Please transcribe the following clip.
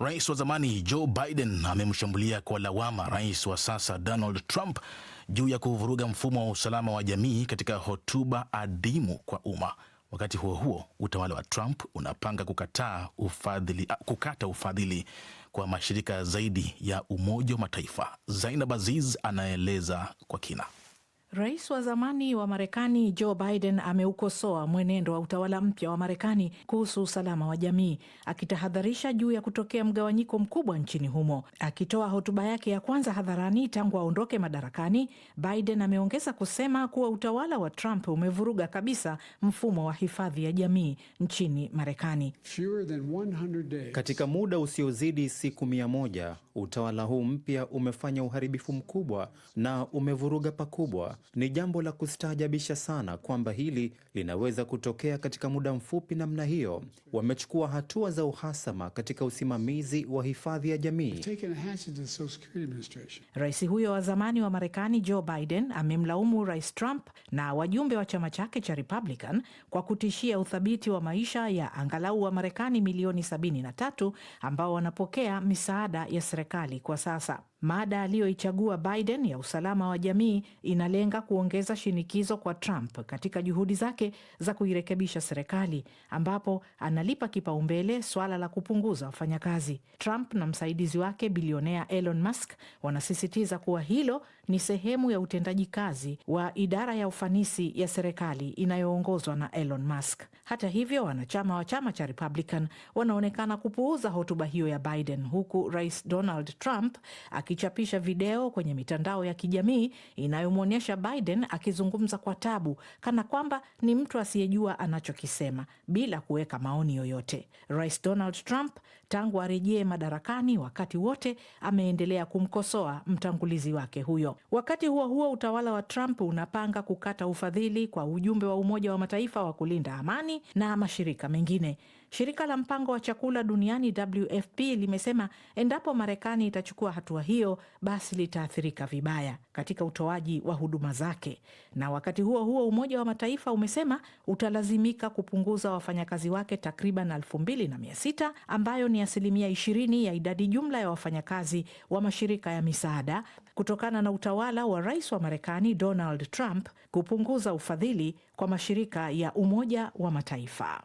Rais wa zamani Joe Biden amemshambulia kwa lawama rais wa sasa Donald Trump juu ya kuvuruga mfumo wa usalama wa jamii katika hotuba adimu kwa umma. Wakati huo huo, utawala wa Trump unapanga kukataa ufadhili, kukata ufadhili kwa mashirika zaidi ya Umoja wa Mataifa. Zainab Aziz anaeleza kwa kina. Rais wa zamani wa Marekani Joe Biden ameukosoa mwenendo wa utawala mpya wa Marekani kuhusu usalama wa jamii, akitahadharisha juu ya kutokea mgawanyiko mkubwa nchini humo. Akitoa hotuba yake ya kwanza hadharani tangu aondoke madarakani, Biden ameongeza kusema kuwa utawala wa Trump umevuruga kabisa mfumo wa hifadhi ya jamii nchini Marekani. Katika muda usiozidi siku mia moja, utawala huu mpya umefanya uharibifu mkubwa na umevuruga pakubwa ni jambo la kustaajabisha sana kwamba hili linaweza kutokea katika muda mfupi namna hiyo. Wamechukua hatua za uhasama katika usimamizi wa hifadhi ya jamii. Rais huyo wa zamani wa Marekani Joe Biden amemlaumu Rais Trump na wajumbe wa chama chake cha Republican kwa kutishia uthabiti wa maisha ya angalau wa Marekani milioni 73 ambao wanapokea misaada ya serikali kwa sasa. Mada aliyoichagua Biden ya usalama wa jamii inalenga kuongeza shinikizo kwa Trump katika juhudi zake za kuirekebisha serikali, ambapo analipa kipaumbele swala la kupunguza wafanyakazi. Trump na msaidizi wake bilionea Elon Musk wanasisitiza kuwa hilo ni sehemu ya utendaji kazi wa idara ya ufanisi ya serikali inayoongozwa na Elon Musk. Hata hivyo, wanachama wa chama cha Republican wanaonekana kupuuza hotuba hiyo ya Biden, huku Rais Donald Trump akichapisha video kwenye mitandao ya kijamii inayomwonyesha Biden akizungumza kwa tabu kana kwamba ni mtu asiyejua anachokisema bila kuweka maoni yoyote. Rais Donald Trump tangu arejee madarakani, wakati wote ameendelea kumkosoa mtangulizi wake huyo. Wakati huo huo, utawala wa Trump unapanga kukata ufadhili kwa ujumbe wa Umoja wa Mataifa wa kulinda amani na mashirika mengine. Shirika la mpango wa chakula duniani WFP limesema endapo Marekani itachukua hatua hiyo, basi litaathirika vibaya katika utoaji wa huduma zake. Na wakati huo huo, Umoja wa Mataifa umesema utalazimika kupunguza wafanyakazi wake takriban elfu mbili na mia sita ambayo ni asilimia 20 ya idadi jumla ya wafanyakazi wa mashirika ya misaada kutokana na utawala wa rais wa Marekani Donald Trump kupunguza ufadhili kwa mashirika ya Umoja wa Mataifa.